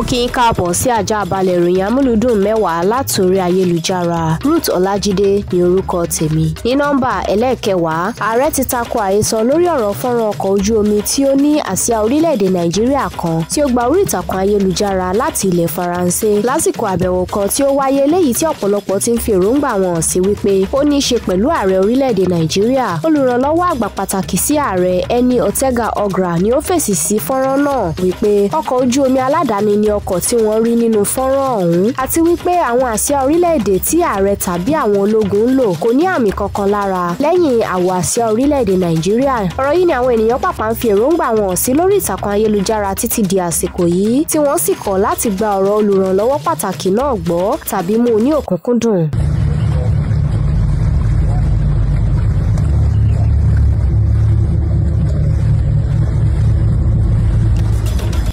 mo kí yín káàbọ̀ sí àjà àbálẹ̀ ìròyìn amúlùdùn mẹ́wàá látòrí ayélujára Ruth Ọlájídé ní orúkọ tèmi. ní nọ́mbà ẹlẹ́ẹ̀kẹwàá ààrẹ ti tako àhesọ lórí ọ̀rọ̀ fọ́nrán ọkọ̀ ojú omi tí ó ní àsíá orílẹ̀-èdè Nàìjíríà kan tí ó gba orí ìtàkùn ayélujára láti ilẹ̀ Faransé lásìkò àbẹ̀wò kan tí ó wáyé léyìí tí ọ̀pọ̀lọpọ̀ ti ń fi èròǹgbà wọn sí wípé ó ní í ṣe pẹ̀lú ààrẹ orílẹ̀-èdè Nàìjíríà olùrànlọ́wọ́ àgbà pàtàkì sí ààrẹ Ẹni Ọ̀tẹ́gà Ọ̀grà ni ó fèsì sí fọ́nrán náà wípé ọkọ̀ ojú omi aládàáni ni ọkọ̀ tí wọ́n rí nínú fọ́nrán ọ̀hún àti wípé àwọn àsíá orílẹ̀-èdè tí ààrẹ tàbí àwọn ológun ń lò kò ní àmì kankan lára lẹ́yìn àwọ̀ àsíá orílẹ̀-èdè Nàìjíríà ọ̀rọ̀ yìí ni àwọn ènìyàn pàpà ń fi èròǹgbà wọn hàn sí lórí ìtàkùn ayélujára títí di àsìkò yìí tí wọ́n sì kọ̀ láti gba ọ̀rọ̀ olùrànlọ́wọ́ pàtàkì náà gbọ́ tàbí mú un ní òkúnkúndùn.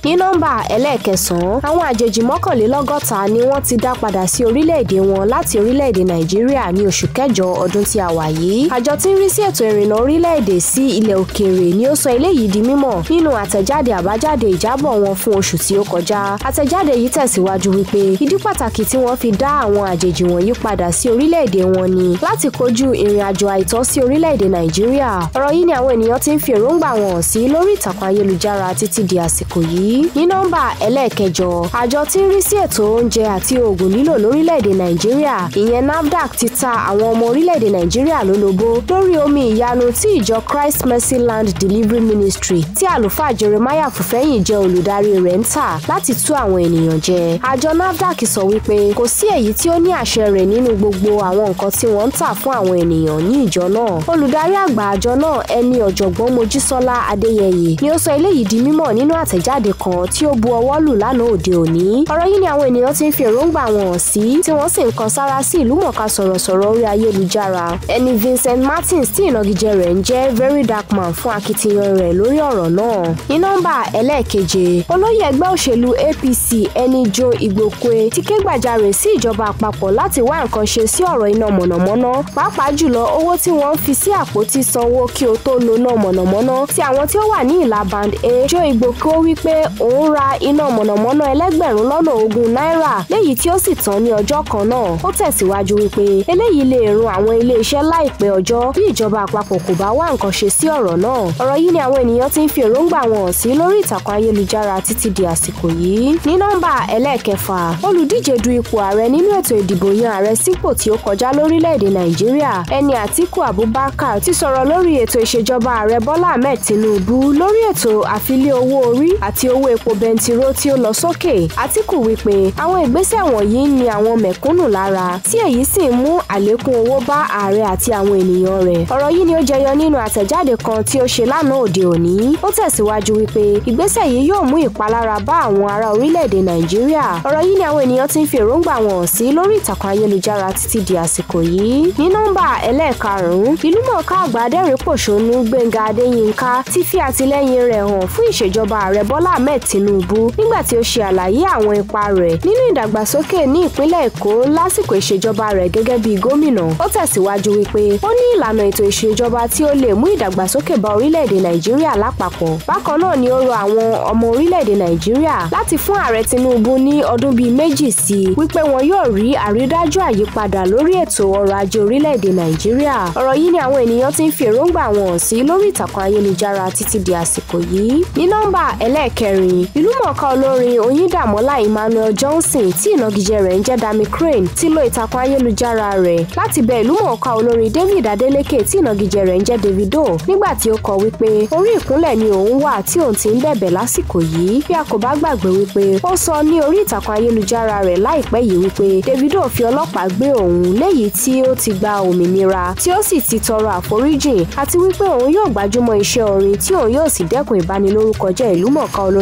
ní nọ́mbà ẹlẹ́ẹ̀kẹsàn-án àwọn àjèjì mọ́kànlélọ́gọ́ta ni wọ́n ti dá padà sí orílẹ̀-èdè wọn láti orílẹ̀-èdè nàìjíríà ní oṣù kẹjọ ọdún tí a wà yìí àjọ tí ń rí sí ètò ìrìnnà orílẹ̀-èdè sí ilẹ̀ òkèèrè ni ó sọ eléyìí di mímọ̀ nínú àtẹ̀jáde àbájáde ìjábọ̀ wọn fún oṣù tí ó kọjá àtẹ̀jáde yìí tẹ̀síwájú wípé ìdí pàtàkì tí wọ́n fi dá àwọn àjèjì wọ̀nyí padà sí orílẹ̀-èdè wọn ni láti kojú ìrìn àjò àìtọ́ sí orílẹ̀-èdè nàìjíríà ọ̀rọ̀ yìí ni àwọn ènìyàn ti ń fi èròǹgbà wọn sí lórí ìtàkùn ayélujára títí di àsìkò yìí ní nọ́mbà ẹlẹ́ẹ̀kẹjọ àjọ tí ń rí sí ètò oúnjẹ àti oògùn lílò lórílẹ̀‐èdè nàìjíríà ìyẹn nafdac ti ta àwọn ọmọ orílẹ̀‐èdè nàìjíríà lólobó lórí omi ìyanu tí ìjọ christ mercy land delivery ministry tí àlùfáà jeremiah fùfẹ́yìn jẹ́ olùdarí rẹ̀ ń tà láti tú àwọn ènìyàn jẹ àjọ nafdac sọ wípé kò sí èyí tí ó ní àṣẹ rẹ̀ nínú gbogbo àwọn nǹkan tí wọ́n ń tà fún àwọn ènìyàn ní ìjọ náà olùdarí àgbà àjọ náà ẹni ọ̀jọ̀gbọ́n mojísọ́lá adéyẹyè ni ó sọ eléyìí di mímọ̀ nínú àtẹ̀jáde k kan tí ó bu ọwọ́ lù lánàá òde òní. ọ̀rọ̀ yìí ni àwọn ènìyàn ti ń fi èròǹgbà wọn hàn sí tí wọ́n sì ń kan sára sí ìlúmọ̀ọ́ká sọ̀rọ̀sọ̀rọ̀ orí ayélujára. ẹni Vincent Martins tí ìnagijẹ rẹ̀ ń jẹ́ Very Dark Man fún akitiyan rẹ̀ lórí ọ̀rọ̀ náà. ní nọ́mbà ẹlẹ́ẹ̀keje olóyè ẹgbẹ́ òṣèlú APC ẹni Jo Igbokwe ti ké gbàjarè sí ìjọba àpapọ̀ láti wá nǹkan ṣe sí ọ̀rọ̀ iná mọ̀nàmọ́ná pàápàá jùlọ owó tí wọ́n ń fi sí àpótí sanwó kí o tó lo iná mọ̀nàmọ́ná ti àwọn tí ó wà ní ìlà band A Jo Igbokwe wípé òun ra iná mọ̀nàmọ́ná ẹlẹ́gbẹ̀rún lọ́nà ogún náírà léyìí tí ó sì tán ní ọjọ́ kan náà ó tẹ̀síwájú wípé eléyìí lè run àwọn iléeṣẹ́ láìpẹ́ ọjọ́ bí ìjọba àpapọ̀ kò bá wá nǹkan ṣe sí ọ̀rọ̀ náà ọ̀rọ̀ yìí ni àwọn ènìyàn ti ń fi èròǹgbà wọn hàn sí lórí ìtàkùn ayélujára títí di àsìkò yìí ní nọ́mbà ẹlẹ́ẹ̀kẹfà olùdíje du ipò ààrẹ nínú ètò ìdìbò yan ààrẹ sípò tí ó kọjá lórílẹ̀‐èdè nàìjíríà ẹni àtíkù abubakar ti sọ̀rọ̀ lórí ètò ìṣèjọba ààrẹ bọ́lá ahmed tinubu lórí ètò àfilé owó orí àti owó owó epo bẹntiró tí ó lọ sókè Àtíkù wípé àwọn ìgbésẹ̀ wọ̀nyí ni àwọn mẹ̀kúnnù lára tí èyí sì ń mú àlékún owó bá ààrẹ àti àwọn ènìyàn rẹ̀ ọ̀rọ̀ yìí ni ó jẹyọ nínú àtẹ̀jáde kan tí ó ṣe lánàá òde òní ó tẹ̀síwájú wípé ìgbésẹ̀ yìí yóò mú ìpalára bá àwọn ará orílẹ̀-èdè Nàìjíríà ọ̀rọ̀ yìí ni àwọn ènìyàn ti ń fi èròǹgbà wọn sí lórí ìtàkùn ayélujára títí di àsìkò yìí ní nọ́mbà ẹlẹ́ẹ̀karùn-ún ìlúmọ̀ọ́ká àgbà adẹ́rìn-pòṣónú Gbénga Adéyínká ti fi àtìlẹ́yìn rẹ̀ hàn fún ìṣèjọba ààrẹ Bọ́lá Ahmed Ìpínlẹ̀ Tinubu nígbà tí ó ṣe àlàyé àwọn ipa rẹ̀ nínú ìdàgbàsókè ní ìpínlẹ̀ Èkó lásìkò ìṣèjọba rẹ̀ gẹ́gẹ́ bí gómìnà ó tẹ̀síwájú wípé ó ní ìlànà ètò ìṣèjọba tí ó lè mú ìdàgbàsókè bá orílẹ̀-èdè Nàìjíríà lápapọ̀ bákan náà ni ó rọ àwọn ọmọ orílẹ̀-èdè Nàìjíríà láti fún ààrẹ Tinubu ní ọdún bíi méjì sí i wípé wọn yóò rí àrídájú àyípadà lórí ètò ọrọ̀ ajé orílẹ̀-èdè Nàìjíríà ọ̀rọ̀ yìí ni àwọn ènìyàn ti ń fi èròǹgbà wọn sí lórí ìtàkùn ayélujára títí di àsìkò yìí ní nọ́mbà ẹlẹ́ẹ̀kẹrin orin. ìlúmọ̀ọ́ká olórin oyíndàmọ́lá emmanuel johnson tí ìnagijẹ rẹ̀ ń jẹ́ dami crane ti lo ìtàkùn ayélujára rẹ̀ láti bẹ ìlúmọ̀ọ́ká olórin david adeleke tí ìnagijẹ rẹ̀ ń jẹ́ davido nígbà tí ó kọ wípé orí ìkúnlẹ̀ ni òun wà tí òun ti ń bẹ̀bẹ̀ lásìkò yìí bí a kò bá gbàgbé wípé ó sọ ní orí ìtàkùn ayélujára rẹ̀ láìpẹ́ yìí wípé davido fi ọlọ́pàá gbé òun léyìí tí ó ti gba òmìnira tí ó sì ti tọrọ àforíjìn àti wípé òun yóò gbájúmọ́ iṣẹ́ orin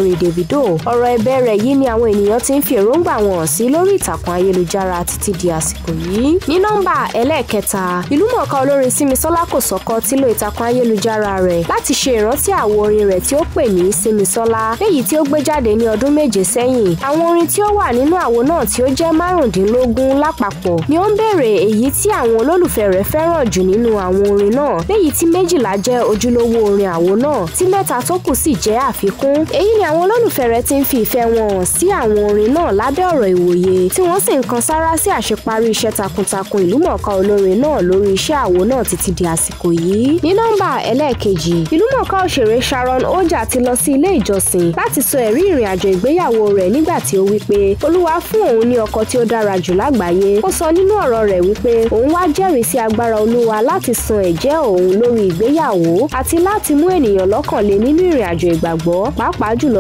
olórin Davido ọ̀rọ̀ ẹ̀bẹ̀ rẹ̀ yìí ni àwọn ènìyàn ti ń fi èròǹgbà wọn sí lórí ìtàkùn ayélujára títí di àsìkò yìí ní nọ́mbà ẹlẹ́ẹ̀kẹta ìlúmọ̀ọ́ká olórin Simisola Kòsọ́kọ́ ti lo ìtàkùn ayélujára rẹ̀ láti ṣe ìrántí àwo orin rẹ̀ tí ó pè ní Simisola léyìí tí ó gbé jáde ní ọdún méje sẹ́yìn àwọn orin tí ó wà nínú àwo náà tí ó jẹ́ márùndínlógún lápapọ̀ ni ó ń béèrè èyí tí àwọn olólùfẹ́ rẹ̀ fẹ́ràn jù nínú àwọn orin náà léyìí tí méjìlá jẹ́ ojúlówó orin àwo náà tí mẹ́ta tó kù sì jẹ́ àfikún èyí ni àwọn àwọn olólùfẹ́ rẹ̀ ti ń fi ìfẹ́ wọn hàn sí àwọn orin náà lábẹ́ ọ̀rọ̀ ìwòye tí wọ́n sì ń kan sára sí àṣeparí iṣẹ́ takuntakun ìlúmọ̀ọ́ká olórin náà lórí iṣẹ́ àwo náà títí di àsìkò yìí. ní nọ́mbà ẹlẹ́ẹ̀kejì ìlúmọ̀ọ́ká òṣèré Sharon Oja ti lọ sí ilé ìjọsìn láti sọ ẹ̀rí ìrìn àjò ìgbéyàwó rẹ̀ nígbà tí ó wí pé Olúwa fún òun ní ọkọ tí ó dára jù lágbàáyé ó sọ nínú ọ̀rọ̀ rẹ̀ wípé òun wá jẹ́rìí sí agbára Olúwa láti san ẹ̀jẹ́ òun lórí ìgbéyàwó àti láti mú ènìyàn lọ́kànlé nínú ìrìn àjò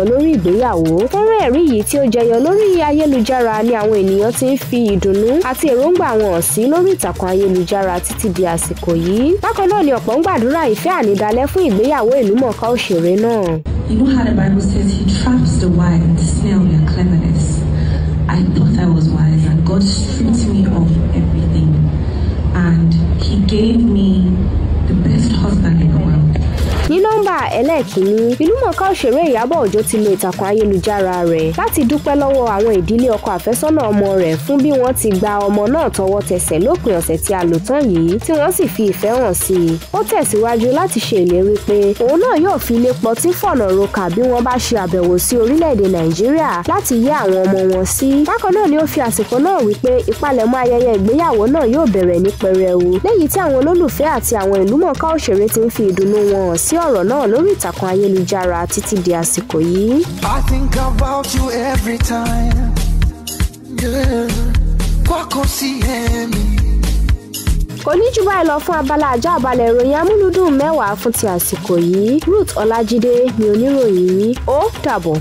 lórí ìgbéyàwó fọ́nrán ẹ̀rí yìí tí ó jẹyọ lórí ayélujára ni àwọn ènìyàn ti ń fi ìdùnnú àti èròǹgbà wọn sí lórí ìtàkùn ayélujára títí di àsìkò yìí bákan náà ni ọ̀pọ̀ ń gbàdúrà ìfẹ́ ànídàlẹ́ fún ìgbéyàwó ìlúmọ̀ọ́ká òṣèré náà. You know how the Bible says he traps the wise snail in snare cleverness. I thought I was wise and God ẹlẹ́ẹ̀kínní ìlúmọ̀ọ́ká òṣèré Ìyábọ̀ Òjó ti lo ìtàkùn ayélujára rẹ̀ láti dúpẹ́ lọ́wọ́ àwọn ìdílé ọkọ àfẹ́sọ́nà ọmọ rẹ̀ fún bí wọ́n ti gba ọmọ náà tọwọ́ tẹsẹ̀ lópin ọ̀sẹ̀ tí a lò tán yìí tí wọ́n sì fi ìfẹ́ hàn sí i ó tẹ̀síwájú láti ṣe ìlérí pé òun náà yóò fi ilé pọtí fọ̀nà roka bí wọ́n bá ṣe àbẹ̀wò sí orílẹ̀-èdè Nàìjíríà láti yẹ àwọn ọmọ wọn sí bákan náà ni ó fi àsìkò náà wípé ìpalẹ̀mọ́ ayẹyẹ ìgbéyàwó náà yóò bẹ̀rẹ̀ ní pẹrẹwu léyìí tí àwọn olólùfẹ́ àti àwọn ìlúmọ̀ọ́ká òṣèré ti ń fi ìdùnnú wọn hàn sí ọ̀rọ̀ náà lórí ìt ìtàkùn ayélujára títí di àsìkò yìí. I think about you every time. Girl, wá kó sí ẹ̀mí kò ní jù báyìí lọ fún abala àjọ àbálẹ̀ ìròyìn amúlùdùn mẹ́wàá fún ti àsìkò yìí Ruth Ọlájídé ni oníròyìn yìí ó dàbọ̀.